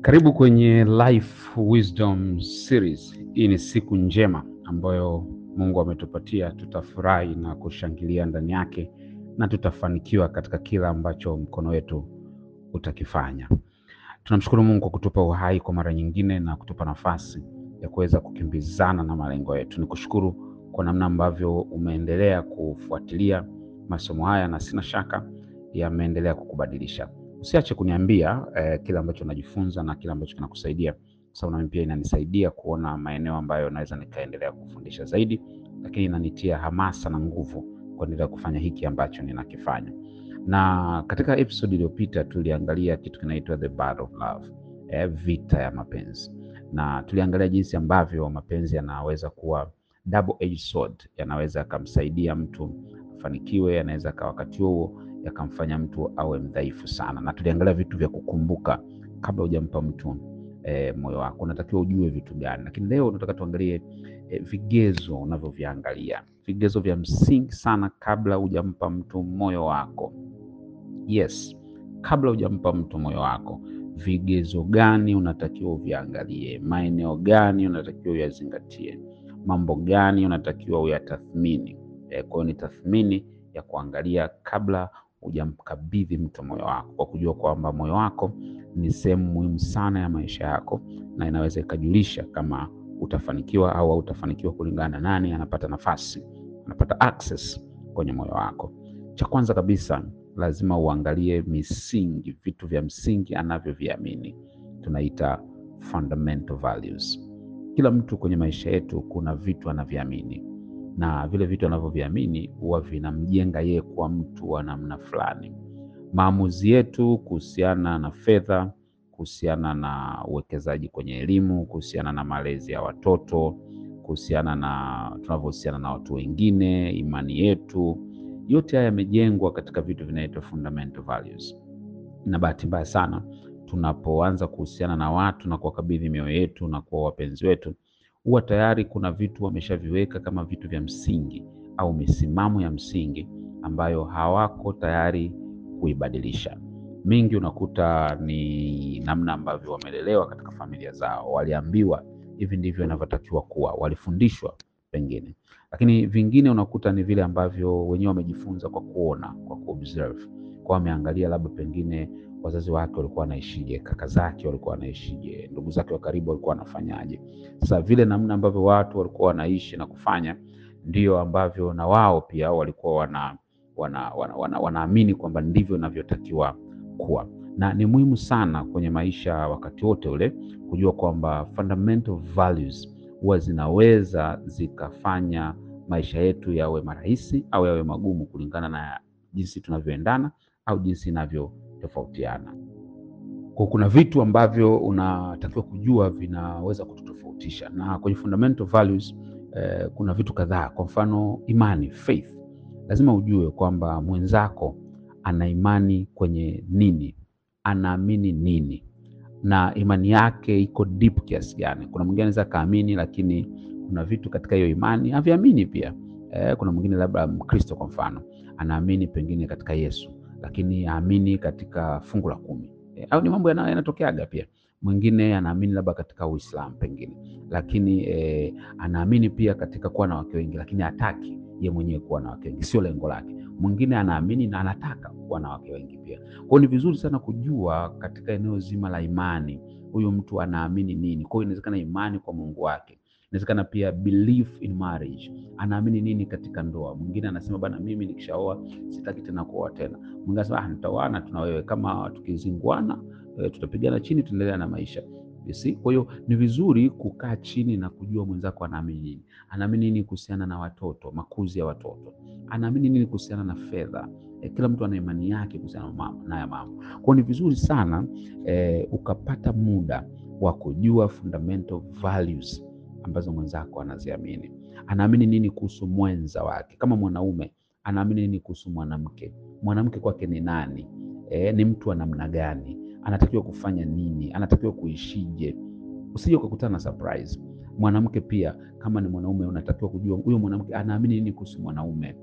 Karibu kwenye Life Wisdom Series. Hii ni siku njema ambayo Mungu ametupatia, tutafurahi na kushangilia ndani yake na tutafanikiwa katika kila ambacho mkono wetu utakifanya. Tunamshukuru Mungu kwa kutupa uhai kwa mara nyingine na kutupa nafasi ya kuweza kukimbizana na malengo yetu. Nikushukuru kwa namna ambavyo umeendelea kufuatilia masomo haya na sina shaka yameendelea kukubadilisha usiache kuniambia eh, kile ambacho unajifunza na kile ambacho kinakusaidia, kwa sababu nami pia inanisaidia kuona maeneo ambayo naweza nikaendelea kufundisha zaidi, lakini inanitia hamasa na nguvu kuendelea kufanya hiki ambacho ninakifanya. Na katika episode iliyopita tuliangalia kitu kinaitwa the battle of love, eh, vita ya mapenzi, na tuliangalia jinsi ambavyo mapenzi yanaweza kuwa double edged sword, yanaweza akamsaidia mtu afanikiwe, anaweza kwa wakati huo yakamfanya mtu awe mdhaifu sana, na tuliangalia vitu vya kukumbuka kabla hujampa mtu e, moyo wako unatakiwa ujue vitu gani. Lakini leo tunataka tuangalie e, vigezo unavyoviangalia, vigezo vya msingi sana kabla hujampa mtu moyo wako. Yes, kabla hujampa mtu moyo wako, vigezo gani unatakiwa uviangalie? Maeneo gani unatakiwa uyazingatie? Mambo gani unatakiwa uyatathmini? E, kwa hiyo ni tathmini ya kuangalia kabla hujamkabidhi mtu moyo wako, kwa kujua kwamba moyo wako ni sehemu muhimu sana ya maisha yako na inaweza ikajulisha kama utafanikiwa au hautafanikiwa kulingana na nani anapata nafasi, anapata access kwenye moyo wako. Cha kwanza kabisa lazima uangalie misingi, vitu vya msingi anavyoviamini, tunaita fundamental values. Kila mtu kwenye maisha yetu kuna vitu anavyoamini na vile vitu anavyoviamini huwa vinamjenga yeye kuwa mtu wa namna fulani. Maamuzi yetu kuhusiana na fedha, kuhusiana na uwekezaji kwenye elimu, kuhusiana na malezi ya watoto, kuhusiana na tunavyohusiana na watu wengine, imani yetu, yote haya yamejengwa katika vitu vinaitwa fundamental values. Na bahati mbaya sana tunapoanza kuhusiana na watu na kuwakabidhi mioyo yetu na kuwa wapenzi wetu huwa tayari kuna vitu wameshaviweka kama vitu vya msingi au misimamo ya msingi ambayo hawako tayari kuibadilisha. Mingi unakuta ni namna ambavyo wamelelewa katika familia zao, waliambiwa hivi ndivyo inavyotakiwa kuwa, walifundishwa pengine. Lakini vingine unakuta ni vile ambavyo wenyewe wamejifunza kwa kuona, kwa kuobserve, kwa wameangalia labda pengine wazazi wake walikuwa wanaishije, kaka zake walikuwa wanaishije, ndugu zake wa karibu walikuwa wanafanyaje. Sasa vile namna ambavyo watu walikuwa wanaishi na kufanya ndio ambavyo na wao pia walikuwa wana wanaamini wana, wana, wana kwamba ndivyo inavyotakiwa kuwa, na ni muhimu sana kwenye maisha wakati wote ule kujua kwamba fundamental values huwa zinaweza zikafanya maisha yetu yawe marahisi au yawe magumu kulingana na jinsi tunavyoendana au jinsi inavyo kutofautiana. Kwa kuna vitu ambavyo unatakiwa kujua vinaweza kututofautisha, na kwenye fundamental values eh, kuna vitu kadhaa. Kwa mfano imani, faith, lazima ujue kwamba mwenzako ana imani kwenye nini, anaamini nini na imani yake iko deep kiasi gani. Kuna mwingine anaweza kaamini, lakini kuna vitu katika hiyo imani haviamini pia. Eh, kuna mwingine labda Mkristo kwa mfano anaamini pengine katika Yesu lakini aamini katika fungu la kumi e, au ni mambo yanatokeaga pia mwingine anaamini labda katika Uislamu pengine, lakini e, anaamini pia katika kuwa na wake wengi, lakini hataki ye mwenyewe kuwa na wake wengi, sio lengo lake. Mwingine anaamini na anataka kuwa na wake wengi pia. Kwao ni vizuri sana kujua katika eneo zima la imani, huyu mtu anaamini nini. kwao inawezekana imani kwa Mungu wake inawezekana pia belief in marriage, anaamini nini katika ndoa. Mwingine anasema bana, mimi nikishaoa sitaki tena kuoa tena. Mwingine anasema ah, nitaoana tuna wewe, kama tukizinguana eh, tutapigana chini, tuendelea na maisha. Kwa hiyo ni vizuri kukaa chini na kujua mwenzako anaamini nini. Anaamini nini kuhusiana na watoto, makuzi ya watoto? Anaamini nini kuhusiana na fedha? E, kila mtu ana imani yake kuhusiana na ya mambo. Kwa ni vizuri sana e, ukapata muda wa kujua fundamental values ambazo mwenzako anaziamini. Anaamini nini kuhusu mwenza wake? Kama mwanaume anaamini nini kuhusu mwanamke? Mwanamke kwake ni nani? E, ni mtu wa namna gani? Anatakiwa kufanya nini? Anatakiwa kuishije? Usije ukakutana na surprise. Mwanamke pia, kama ni mwanaume, unatakiwa kujua huyo mwanamke anaamini nini kuhusu mwanaume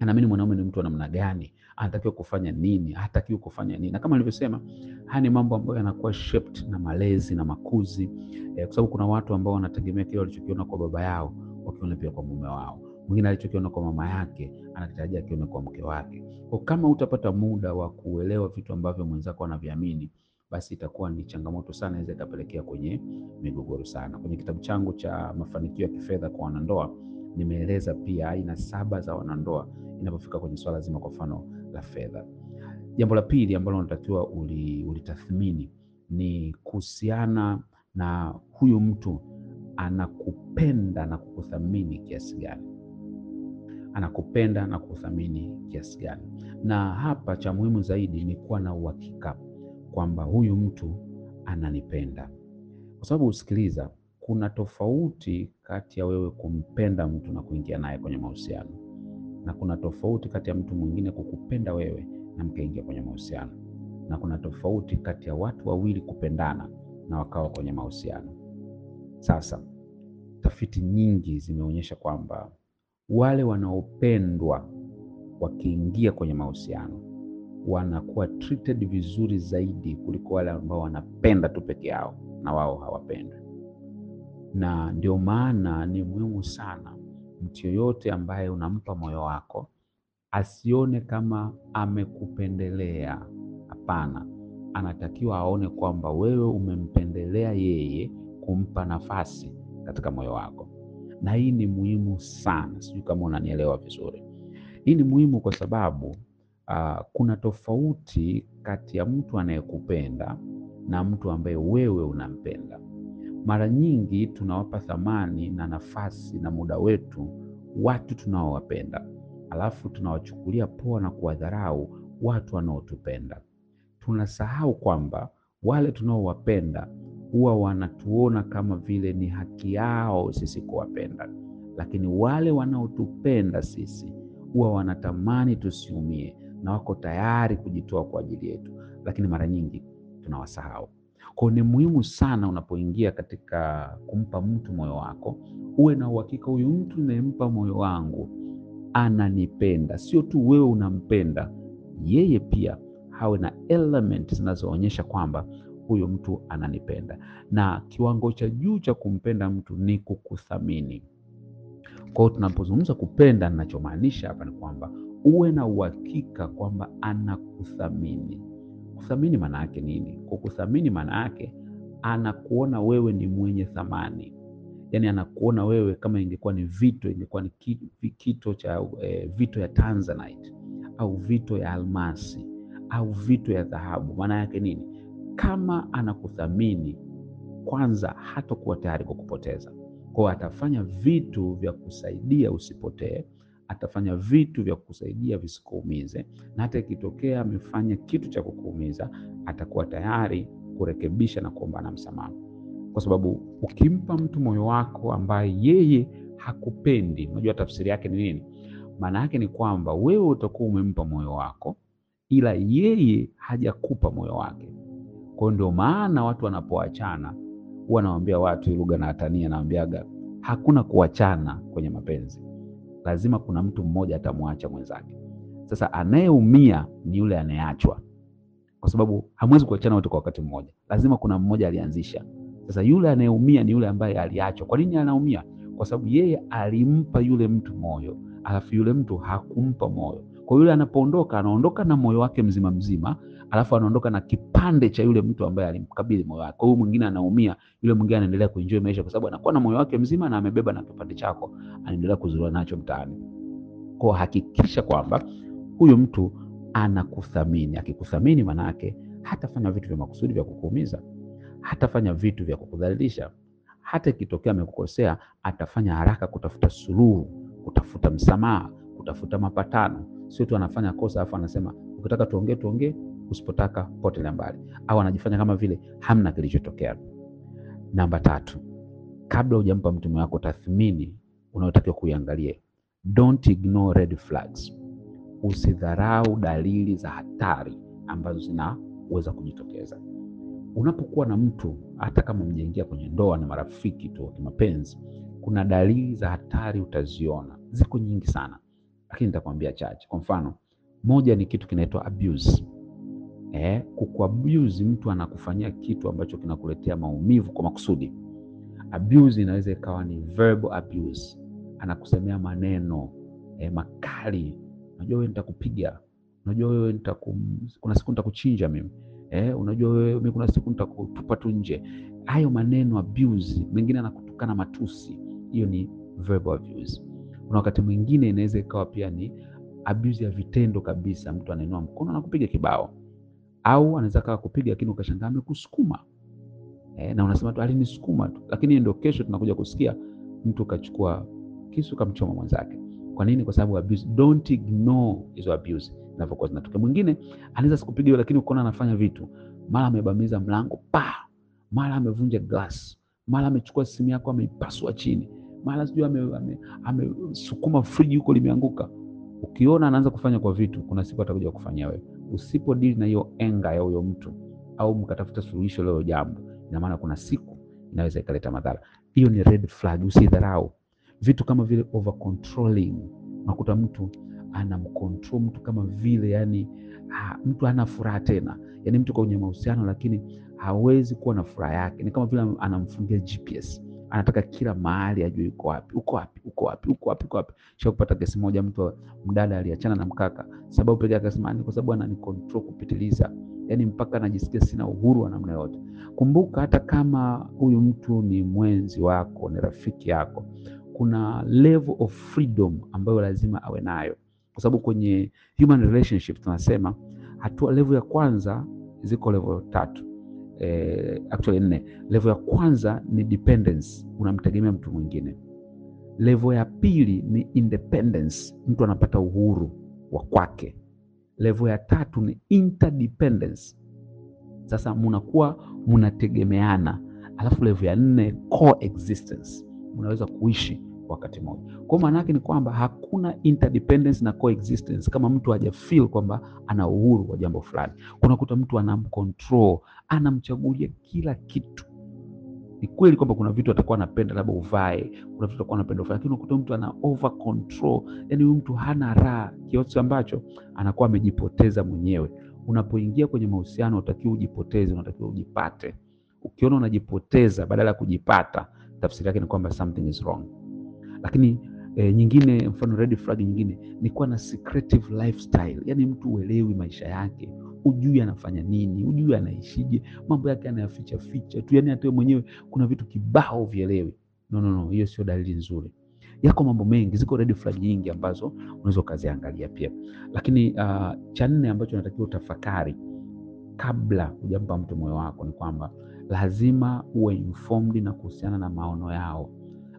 anaamini mwanaume ni mtu wa namna gani, anatakiwa kufanya nini, hatakiwi kufanya nini. Na kama nilivyosema, haya ni mambo ambayo yanakuwa shaped na malezi na makuzi eh, kwa sababu kuna watu ambao wanategemea kile walichokiona kwa baba yao wakiona pia kwa mume wao. Mwingine alichokiona kwa mama yake anakitarajia akione kwa mke wake. Kwa kama utapata muda wa kuelewa vitu ambavyo mwenzako anaviamini basi itakuwa ni changamoto sana, inaweza ikapelekea kwenye migogoro sana. Kwenye kitabu changu cha mafanikio ya kifedha kwa wanandoa nimeeleza pia aina saba za wanandoa inapofika kwenye swala zima kwa mfano la fedha. Jambo la pili ambalo unatakiwa ulitathmini ni kuhusiana na huyu mtu anakupenda na kukuthamini kiasi gani, anakupenda na kukuthamini kiasi gani. Na hapa cha muhimu zaidi ni kuwa na uhakika kwamba huyu mtu ananipenda, kwa sababu usikiliza, kuna tofauti kati ya wewe kumpenda mtu na kuingia naye kwenye mahusiano na kuna tofauti kati ya mtu mwingine kukupenda wewe na mkaingia kwenye mahusiano, na kuna tofauti kati ya watu wawili kupendana na wakawa kwenye mahusiano. Sasa tafiti nyingi zimeonyesha kwamba wale wanaopendwa wakiingia kwenye mahusiano wanakuwa treated vizuri zaidi kuliko wale ambao wanapenda tu peke yao na wao hawapendwi. Na ndio maana ni muhimu sana mtu yoyote ambaye unampa moyo wako asione kama amekupendelea. Hapana, anatakiwa aone kwamba wewe umempendelea yeye kumpa nafasi katika moyo wako, na hii ni muhimu sana. Sijui kama unanielewa vizuri. Hii ni muhimu kwa sababu uh, kuna tofauti kati ya mtu anayekupenda na mtu ambaye wewe unampenda. Mara nyingi tunawapa thamani na nafasi na muda wetu watu tunaowapenda, alafu tunawachukulia poa na kuwadharau watu wanaotupenda. Tunasahau kwamba wale tunaowapenda huwa wanatuona kama vile ni haki yao sisi kuwapenda, lakini wale wanaotupenda sisi huwa wanatamani tusiumie na wako tayari kujitoa kwa ajili yetu, lakini mara nyingi tunawasahau. Kwa ni muhimu sana unapoingia katika kumpa mtu moyo wako, uwe na uhakika, huyu mtu nimempa moyo wangu ananipenda. Sio tu wewe unampenda, yeye pia hawe na element zinazoonyesha kwamba huyu mtu ananipenda. Na kiwango cha juu cha kumpenda mtu ni kukuthamini. Kwa hiyo tunapozungumza kupenda, ninachomaanisha hapa ni kwamba uwe na uhakika kwamba anakuthamini kuthamini maana yake nini? Kukuthamini maana yake anakuona wewe ni mwenye thamani, yaani anakuona wewe kama ingekuwa ni vito, ingekuwa ni kito cha e, vito ya tanzanite au vito ya almasi au vito ya dhahabu. Maana yake nini? Kama anakuthamini kwanza, hatakuwa tayari kukupoteza kwao, atafanya vitu vya kusaidia usipotee atafanya vitu vya kukusaidia visikuumize, na hata ikitokea amefanya kitu cha kukuumiza, atakuwa tayari kurekebisha na kuombana msamaha, kwa sababu ukimpa mtu moyo wako ambaye yeye hakupendi, unajua tafsiri yake ni nini? Maana yake ni kwamba wewe utakuwa umempa moyo wako, ila yeye hajakupa moyo wake. Kwa hiyo ndio maana watu wanapoachana huwa watu lugha na atania, nawaambiaga hakuna kuachana kwenye mapenzi lazima kuna mtu mmoja atamwacha mwenzake. Sasa anayeumia ni yule anayeachwa, kwa sababu hamwezi kuachana wote kwa wakati mmoja, lazima kuna mmoja alianzisha. Sasa yule anayeumia ni yule ambaye aliachwa. Kwa nini anaumia? Kwa sababu yeye alimpa yule mtu moyo, alafu yule mtu hakumpa moyo. Kwa yule anapoondoka, anaondoka na moyo wake mzima mzima alafu anaondoka na kipande cha yule mtu ambaye alimkabidhi moyo wake. Kwa hiyo mwingine anaumia, yule mwingine anaendelea kuenjoy maisha, kwa sababu anakuwa na moyo wake mzima na amebeba na kipande chako, anaendelea kuzurura nacho mtaani. Kwa hakikisha kwamba huyu mtu anakuthamini. Akikuthamini, maana yake hatafanya vitu vya makusudi vya kukuumiza, hatafanya vitu vya kukudhalilisha. Hata ikitokea amekukosea, atafanya haraka kutafuta suluhu, kutafuta msamaha, kutafuta mapatano. Sio tu anafanya kosa afu anasema ukitaka tuongee tuongee usipotaka potelea mbali, au anajifanya kama vile hamna kilichotokea. Namba tatu, kabla hujampa mtume wako tathmini unayotakiwa kuiangalie, don't ignore red flags. Usidharau dalili za hatari ambazo zinaweza kujitokeza unapokuwa na mtu, hata kama mjaingia kwenye ndoa na marafiki tu kimapenzi, kuna dalili za hatari utaziona, ziko nyingi sana, lakini nitakwambia chache. Kwa mfano, moja ni kitu kinaitwa abuse eh, kukuabuse mtu anakufanyia kitu ambacho kinakuletea maumivu kwa makusudi. Abuse inaweza ikawa ni verbal abuse, anakusemea maneno eh, makali. Unajua wewe nitakupiga, unajua wewe nitakum... kuna siku nitakuchinja mimi eh, unajua wewe mimi kuna siku nitakutupa tu nje. Hayo maneno abuse, mengine anakutukana matusi, hiyo ni verbal abuse. Kuna wakati mwingine inaweza ikawa pia ni abuse ya vitendo kabisa, mtu anainua mkono kupiga kibao au anaweza kawa kupiga lakini ukashangaa amekusukuma e, na unasema tu alinisukuma tu, lakini ndio kesho tunakuja kusikia mtu kachukua kisu kamchoma mwenzake. Kwa nini? Kwa sababu abuse. Don't ignore hizo abuse zinavyokuwa zinatokea. Mwingine anaweza sikupiga lakini ukaona anafanya vitu, mara amebamiza mlango pa, mara amevunja glass, mara amechukua simu yako ameipasua chini, mara sijui amesukuma ame, ame friji huko limeanguka. Ukiona anaanza kufanya kwa vitu, kuna siku atakuja kufanyia wewe usipodili na hiyo enga ya huyo mtu au mkatafuta suluhisho leo jambo, ina maana kuna siku inaweza ikaleta madhara. Hiyo ni red flag, usidharau vitu kama vile over controlling. Unakuta mtu anamcontrol mtu kama vile yani, ha, mtu hana furaha tena, yani mtu kwenye mahusiano lakini hawezi kuwa na furaha yake, ni kama vile anamfungia GPS anataka kila mahali ajue uko wapi, uko wapi, uko wapi, uko wapi, uko wapi. Sha kupata kesi moja, mtu mdada aliachana na mkaka sababu pekee akasema ni kwa sababu ananicontrol kupitiliza, yani mpaka anajisikia sina uhuru wa namna yote. Kumbuka hata kama huyu mtu ni mwenzi wako, ni rafiki yako, kuna level of freedom ambayo lazima awe nayo, kwa sababu kwenye human relationship tunasema hatua level ya kwanza ziko level tatu eh, actually nne. Level ya kwanza ni dependence, unamtegemea mtu mwingine. Level ya pili ni independence, mtu anapata uhuru wa kwake. Level ya tatu ni interdependence, sasa munakuwa munategemeana. Alafu level ya nne coexistence, munaweza kuishi wakati mmoja. Kwa maana yake ni kwamba hakuna interdependence na coexistence kama mtu hajafeel kwamba ana uhuru wa jambo fulani. Unakuta mtu anamcontrol, anamchagulia kila kitu. Ni kweli kwamba kuna vitu atakuwa anapenda labda uvae, kuna vitu atakuwa anapenda uvae, lakini unakuta mtu ana over control, yani huyu mtu hana raha kiasi ambacho anakuwa amejipoteza mwenyewe. Unapoingia kwenye mahusiano, unatakiwa ujipoteze, unatakiwa ujipate. Ukiona unajipoteza badala ya kujipata, tafsiri yake ni kwamba something is wrong lakini E, nyingine mfano red flag nyingine ni kuwa na secretive lifestyle, yani mtu uelewi maisha yake, hujui anafanya nini, hujui anaishije, mambo yake anayaficha ficha tu, yani hata mwenyewe kuna vitu kibao vielewi. No, no, no, hiyo sio dalili nzuri. Yako mambo mengi, ziko red flag nyingi ambazo unaweza ukaziangalia pia. Lakini uh, cha nne ambacho unatakiwa utafakari kabla hujampa mtu moyo wako ni kwamba lazima uwe informed na kuhusiana na maono yao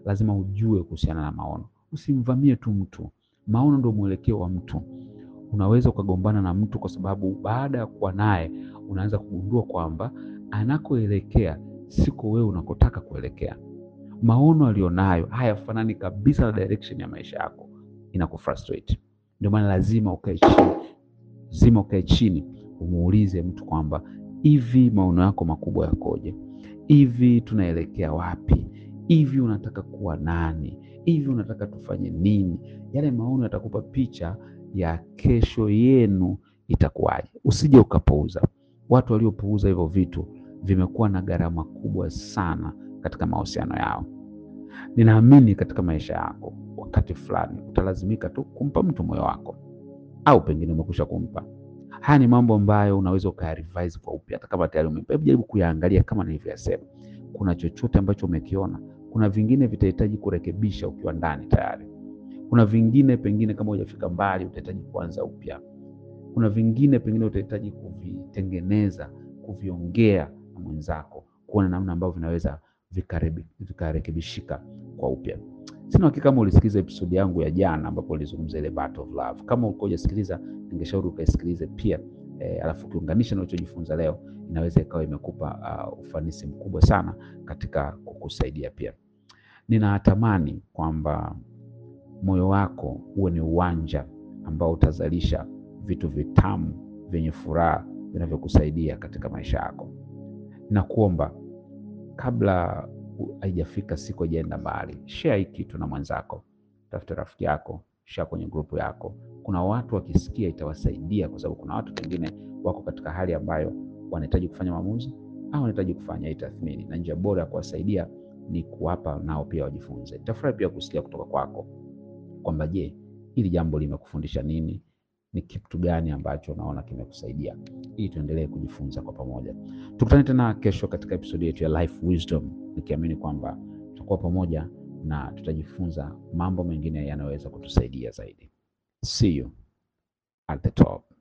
lazima ujue kuhusiana na maono. Usimvamie tu mtu. Maono ndio mwelekeo wa mtu. Unaweza ukagombana na mtu kwa sababu baada ya kuwa naye unaanza kugundua kwamba anakoelekea siko wewe unakotaka kuelekea. Maono aliyonayo hayafanani kabisa na direction ya maisha yako, inakufrustrate. Ndio maana lazima ukae chini, lazima ukae chini umuulize mtu kwamba hivi maono yako makubwa yakoje? Hivi tunaelekea wapi? hivi unataka kuwa nani? Hivi unataka tufanye nini? Yale maono yatakupa picha ya kesho yenu itakuwaje. Usije ukapuuza. Watu waliopuuza hivyo vitu vimekuwa na gharama kubwa sana katika mahusiano yao. Ninaamini katika maisha yako, wakati fulani utalazimika tu kumpa mtu moyo wako, au pengine umekusha kumpa. Haya ni mambo ambayo unaweza ukayarevise kwa upya, hata kama tayari umempa. Hebu jaribu kuyaangalia kama nilivyosema, kuna chochote ambacho umekiona kuna vingine vitahitaji kurekebisha ukiwa ndani tayari. Kuna vingine pengine kama hujafika mbali utahitaji kuanza upya. Kuna vingine pengine utahitaji kuvitengeneza, kuviongea na mwenzako, kuona namna ambavyo vinaweza vikarekebishika kwa upya. Sina uhakika kama ulisikiliza episodi yangu ya jana ambapo nilizungumzia ile battle of love. Kama ulikuwa hujasikiliza, ningeshauri ukaisikilize pia e, alafu ukiunganisha na ulichojifunza leo, inaweza ikawa imekupa uh, ufanisi mkubwa sana katika kukusaidia pia. Ninatamani kwamba moyo wako uwe ni uwanja ambao utazalisha vitu vitamu vyenye furaha vinavyokusaidia katika maisha yako. Nakuomba kabla haijafika siku, ajaenda mbali, share hii kitu na mwenzako, tafuta rafiki yako share kwenye grupu yako. Kuna watu wakisikia itawasaidia, kwa sababu kuna watu wengine wako katika hali ambayo wanahitaji kufanya maamuzi au wanahitaji kufanya hii tathmini, na njia bora ya kuwasaidia ni kuwapa nao pia wajifunze. Nitafurahi pia kusikia kutoka kwako kwamba je, hili jambo limekufundisha nini? Ni kitu gani ambacho unaona kimekusaidia, ili tuendelee kujifunza kwa pamoja. Tukutane tena kesho katika episodi yetu ya Life Wisdom, nikiamini kwamba tutakuwa pamoja na tutajifunza mambo mengine yanayoweza kutusaidia zaidi. See you at the top.